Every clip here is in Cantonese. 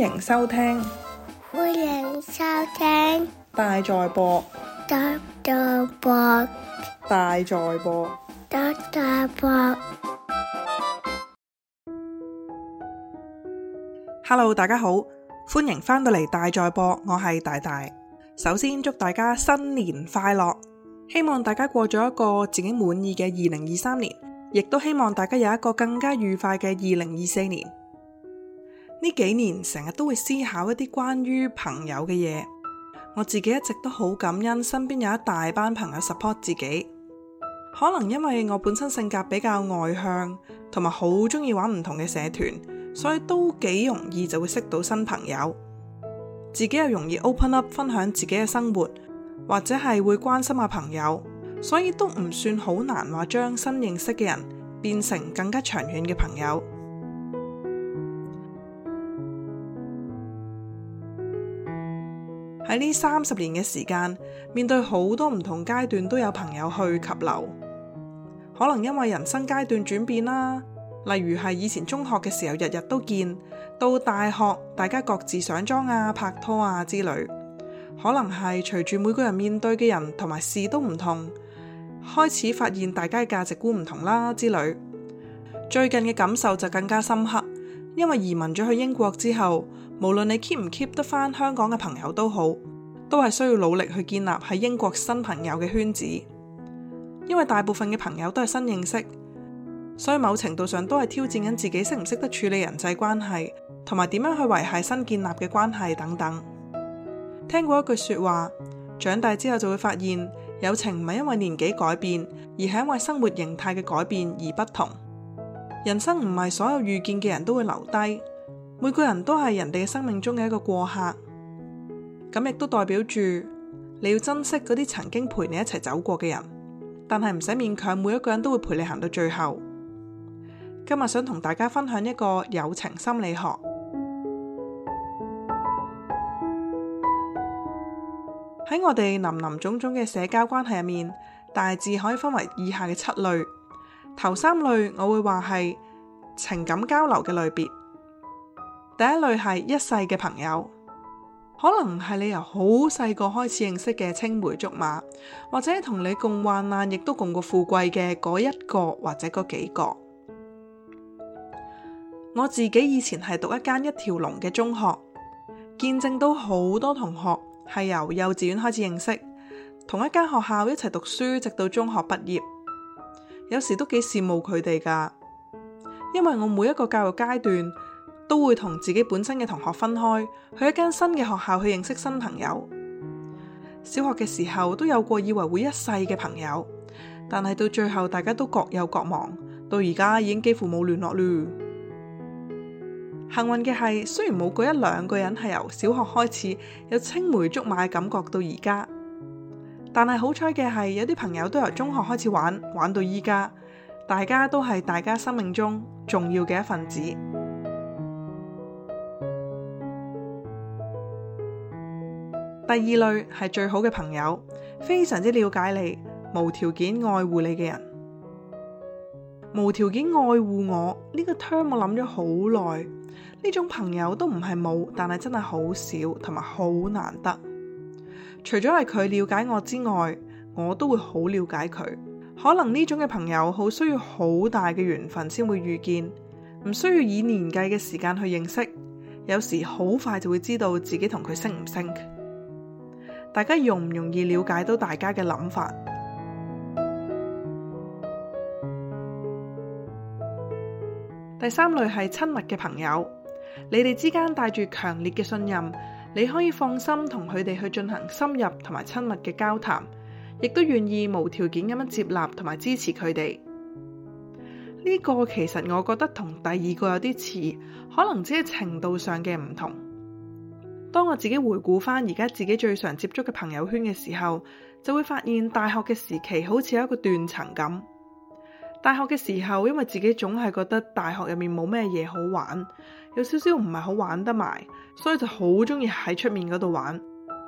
歡迎收聽，歡迎收聽大在播，大在播，Hello，大家好，歡迎返到嚟大在播，我係大大。首先祝大家新年快樂，希望大家過咗一個自己滿意嘅二零二三年，亦都希望大家有一個更加愉快嘅二零二四年。呢幾年成日都會思考一啲關於朋友嘅嘢，我自己一直都好感恩身邊有一大班朋友 support 自己。可能因為我本身性格比較外向，同埋好中意玩唔同嘅社團，所以都幾容易就會識到新朋友。自己又容易 open up 分享自己嘅生活，或者係會關心下朋友，所以都唔算好難話將新認識嘅人變成更加長遠嘅朋友。喺呢三十年嘅時間，面對好多唔同階段，都有朋友去及留，可能因為人生階段轉變啦，例如係以前中學嘅時候日日都見，到大學，大家各自上莊啊、拍拖啊之類，可能係隨住每個人面對嘅人同埋事都唔同，開始發現大家嘅價值觀唔同啦之類。最近嘅感受就更加深刻，因為移民咗去英國之後。無論你 keep 唔 keep 得返香港嘅朋友都好，都係需要努力去建立喺英國新朋友嘅圈子，因為大部分嘅朋友都係新認識，所以某程度上都係挑戰緊自己識唔識得處理人際關係，同埋點樣去維繫新建立嘅關係等等。聽過一句說話，長大之後就會發現友情唔係因為年紀改變，而係因為生活形態嘅改變而不同。人生唔係所有遇見嘅人都會留低。每個人都係人哋生命中嘅一個過客，咁亦都代表住你要珍惜嗰啲曾經陪你一齊走過嘅人，但係唔使勉強每一個人都會陪你行到最後。今日想同大家分享一個友情心理學。喺我哋林林總總嘅社交關係入面，大致可以分為以下嘅七類。頭三類我會話係情感交流嘅類別。第一類係一世嘅朋友，可能係你由好細個開始認識嘅青梅竹馬，或者同你共患難，亦都共過富貴嘅嗰一個或者嗰幾個。我自己以前係讀一間一條龍嘅中學，見證到好多同學係由幼稚園開始認識，同一間學校一齊讀書，直到中學畢業，有時都幾羨慕佢哋㗎，因為我每一個教育階段，都會同自己本身嘅同學分開，去一間新嘅學校去認識新朋友。小學嘅時候都有過以為會一世嘅朋友，但係到最後大家都各有各忙，到而家已經幾乎冇聯絡啦。幸運嘅係，雖然冇嗰一兩個人係由小學開始有青梅竹馬嘅感覺到而家，但係好彩嘅係有啲朋友都由中學開始玩玩到而家，大家都係大家生命中重要嘅一份子。第二類係最好嘅朋友，非常之了解你，無條件愛護你嘅人。無條件愛護我呢個 term，我諗咗好耐。呢種朋友都唔係冇，但係真係好少，同埋好難得。除咗係佢了解我之外，我都會好了解佢。可能呢種嘅朋友好需要好大嘅緣分先會遇見，唔需要以年計嘅時間去認識。有時好快就會知道自己同佢識唔識。大家容唔容易了解到大家嘅諗法？第三類係親密嘅朋友，你哋之間帶住強烈嘅信任，你可以放心同佢哋去進行深入同埋親密嘅交談，亦都願意無條件咁樣接納同埋支持佢哋。呢個其實我覺得同第二個有啲似，可能只係程度上嘅唔同。當我自己回顧返而家自己最常接觸嘅朋友圈嘅時候，就會發現大學嘅時期好似有一個斷層咁。大學嘅時候，因為自己總係覺得大學入面冇咩嘢好玩，有少少唔係好玩得埋，所以就好鍾意喺出面嗰度玩，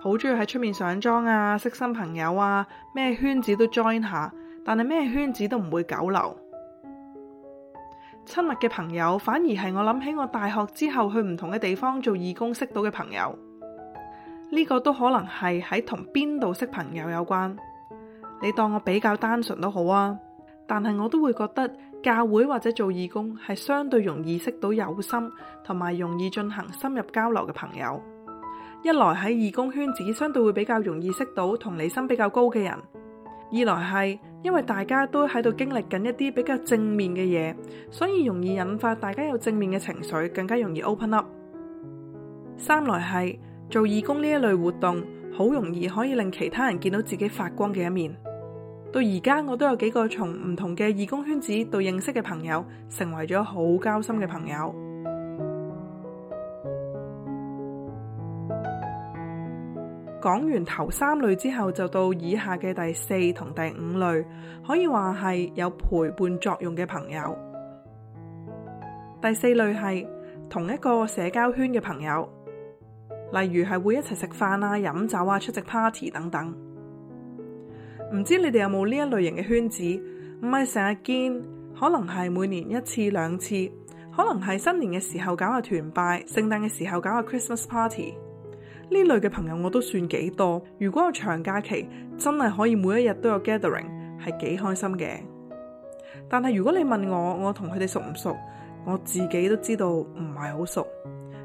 好鍾意喺出面上妝啊，識新朋友啊，咩圈子都 join 下，但係咩圈子都唔會久留。親密嘅朋友，反而係我諗起我大學之後去唔同嘅地方做義工識到嘅朋友。呢、這個都可能係喺同邊度識朋友有關。你當我比較單純都好啊，但係我都會覺得教會或者做義工係相對容易識到有心同埋容易進行深入交流嘅朋友。一來喺義工圈子相對會比較容易識到同理心比較高嘅人；二來係。因為大家都喺度經歷緊一啲比較正面嘅嘢，所以容易引發大家有正面嘅情緒，更加容易 open up。三來係做義工呢一類活動，好容易可以令其他人見到自己發光嘅一面。到而家我都有幾個從唔同嘅義工圈子到認識嘅朋友，成為咗好交心嘅朋友。講完頭三類之後，就到以下嘅第四同第五類，可以話係有陪伴作用嘅朋友。第四類係同一個社交圈嘅朋友，例如係會一齊食飯啊、飲酒啊、出席 party 等等。唔知你哋有冇呢一類型嘅圈子？唔係成日見，可能係每年一次兩次，可能係新年嘅時候搞下團拜，聖誕嘅時候搞下 Christmas party。呢類嘅朋友我都算幾多，如果有長假期，真係可以每一日都有 gathering，係幾開心嘅。但係如果你問我，我同佢哋熟唔熟，我自己都知道唔係好熟。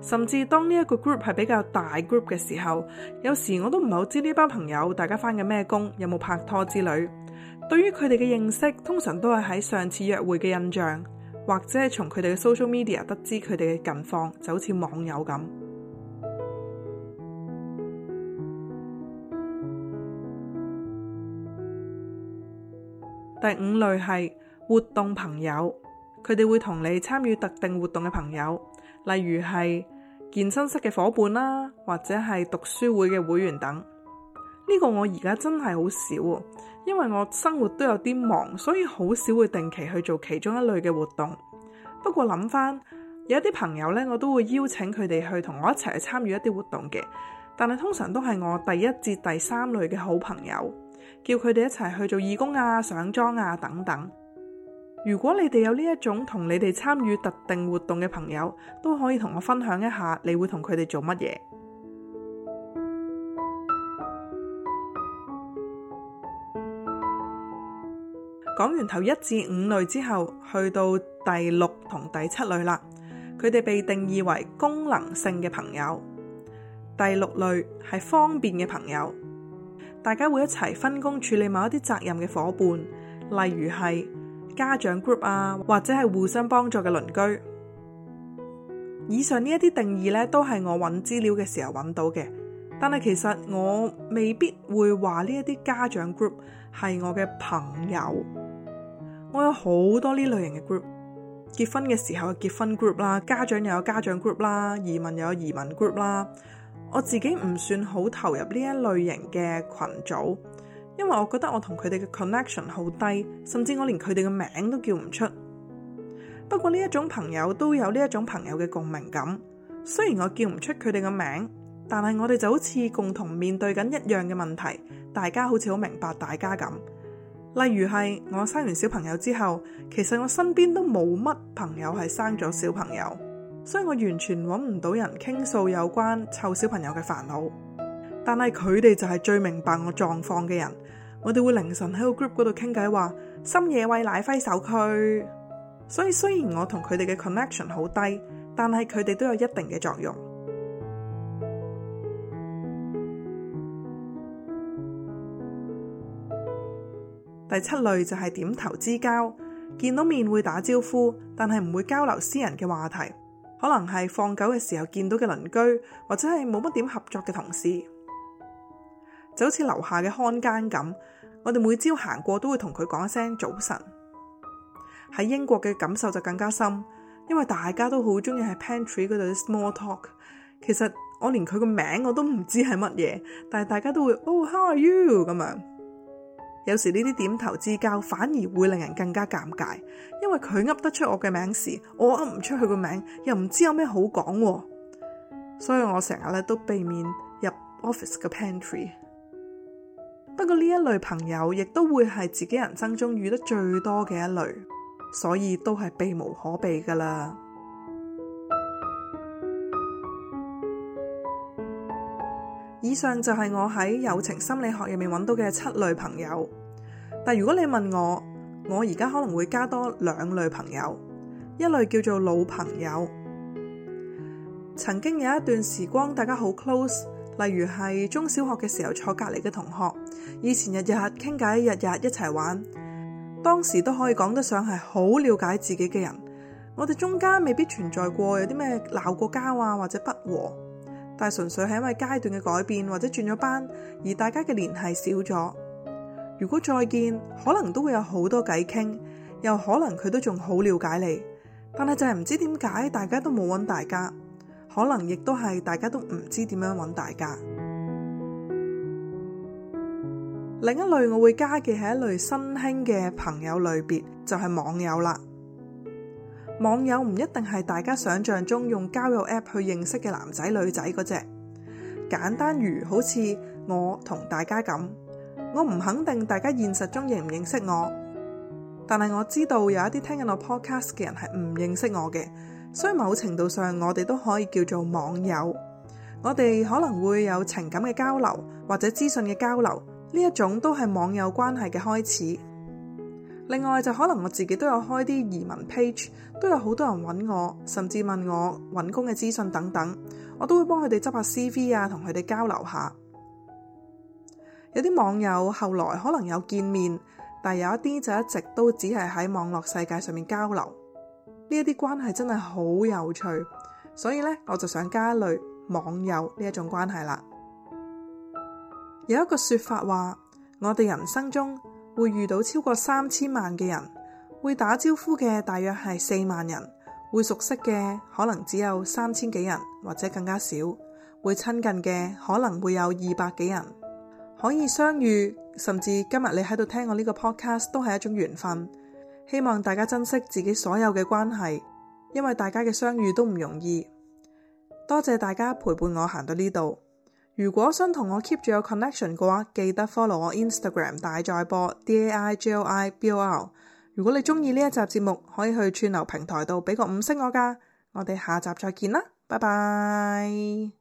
甚至當呢一個 group 係比較大 group 嘅時候，有時我都唔係好知呢班朋友大家翻緊咩工，有冇拍拖之類。對於佢哋嘅認識，通常都係喺上次約會嘅印象，或者係從佢哋嘅 social media 得知佢哋嘅近況，就好似網友咁。第五類係活動朋友，佢哋會同你參與特定活動嘅朋友，例如係健身室嘅夥伴啦，或者係讀書會嘅會員等。呢個我而家真係好少，因為我生活都有啲忙，所以好少會定期去做其中一類嘅活動。不過諗翻，有一啲朋友咧，我都會邀請佢哋去同我一齊去參與一啲活動嘅，但係通常都係我第一至第三類嘅好朋友。叫佢哋一齊去做義工啊、上妝啊等等。如果你哋有呢一種同你哋參與特定活動嘅朋友，都可以同我分享一下你會同佢哋做乜嘢。講 完頭一至五類之後，去到第六同第七類啦。佢哋被定義為功能性嘅朋友。第六類係方便嘅朋友。大家會一齊分工處理某一啲責任嘅夥伴，例如係家長 group 啊，或者係互相幫助嘅鄰居。以上呢一啲定義咧，都係我揾資料嘅時候揾到嘅。但係其實我未必會話呢一啲家長 group 係我嘅朋友。我有好多呢類型嘅 group，結婚嘅時候結婚 group 啦，家長又有家長 group 啦，移民又有移民 group 啦。我自己唔算好投入呢一類型嘅群組，因為我覺得我同佢哋嘅 connection 好低，甚至我連佢哋嘅名都叫唔出。不過呢一種朋友都有呢一種朋友嘅共鳴感，雖然我叫唔出佢哋嘅名，但係我哋就好似共同面對緊一樣嘅問題，大家好似好明白大家咁。例如係我生完小朋友之後，其實我身邊都冇乜朋友係生咗小朋友。所以我完全搵唔到人傾訴有關湊小朋友嘅煩惱，但係佢哋就係最明白我狀況嘅人。我哋會凌晨喺個 group 嗰度傾偈，話深夜餵奶揮手區。所以雖然我同佢哋嘅 connection 好低，但係佢哋都有一定嘅作用。 第七類就係點頭之交，見到面會打招呼，但係唔會交流私人嘅話題。可能係放狗嘅時候見到嘅鄰居，或者係冇乜點合作嘅同事，就好似樓下嘅看更咁。我哋每朝行過都會同佢講一聲早晨。喺英國嘅感受就更加深，因為大家都好中意喺 pantry 嗰度啲 small talk。其實我連佢個名我都唔知係乜嘢，但係大家都會 oh how are you 咁樣。有時呢啲點頭之交反而會令人更加尷尬，因為佢噏得出我嘅名時，我噏唔出佢個名，又唔知有咩好講，所以我成日咧都避免入 office 嘅 pantry。不過呢一類朋友亦都會係自己人生中遇得最多嘅一類，所以都係避無可避噶啦。以上就係我喺友情心理學入面揾到嘅七類朋友，但如果你問我，我而家可能會加多兩類朋友，一類叫做老朋友，曾經有一段時光，大家好 close，例如係中小學嘅時候坐隔籬嘅同學，以前日日傾偈，日日一齊玩，當時都可以講得上係好了解自己嘅人，我哋中間未必存在過有啲咩鬧過交啊或者不和。但係純粹係因為階段嘅改變或者轉咗班，而大家嘅聯繫少咗。如果再見，可能都會有好多偈傾，又可能佢都仲好了解你。但係就係唔知點解，大家都冇揾大家，可能亦都係大家都唔知點樣揾大家。 另一類我會加嘅係一類新興嘅朋友類別，就係網友啦。網友唔一定係大家想象中用交友 App 去認識嘅男仔女仔嗰隻，簡單如好似我同大家咁，我唔肯定大家現實中認唔認識我，但係我知道有一啲聽緊我 Podcast 嘅人係唔認識我嘅，所以某程度上我哋都可以叫做網友，我哋可能會有情感嘅交流或者資訊嘅交流，呢一種都係網友關係嘅開始。另外就可能我自己都有開啲移民 page，都有好多人搵我，甚至問我搵工嘅資訊等等，我都會幫佢哋執下 CV 啊，同佢哋交流下。有啲網友後來可能有見面，但有一啲就一直都只係喺網絡世界上面交流。呢一啲關係真係好有趣，所以呢，我就想加一類網友呢一種關係啦。有一個說法話，我哋人生中，會遇到超過三千萬嘅人，會打招呼嘅大約係四萬人，會熟悉嘅可能只有三千幾人或者更加少，會親近嘅可能會有二百幾人。可以相遇，甚至今日你喺度聽我呢個 podcast 都係一種緣分，希望大家珍惜自己所有嘅關係，因為大家嘅相遇都唔容易，多謝大家陪伴我行到呢度。如果想同我 keep 住有 connection 嘅話，記得 follow 我 Instagram 大在播 d a i j o i b o r。如果你中意呢一集節目，可以去串流平台度畀個五星我噶。我哋下集再見啦，拜拜。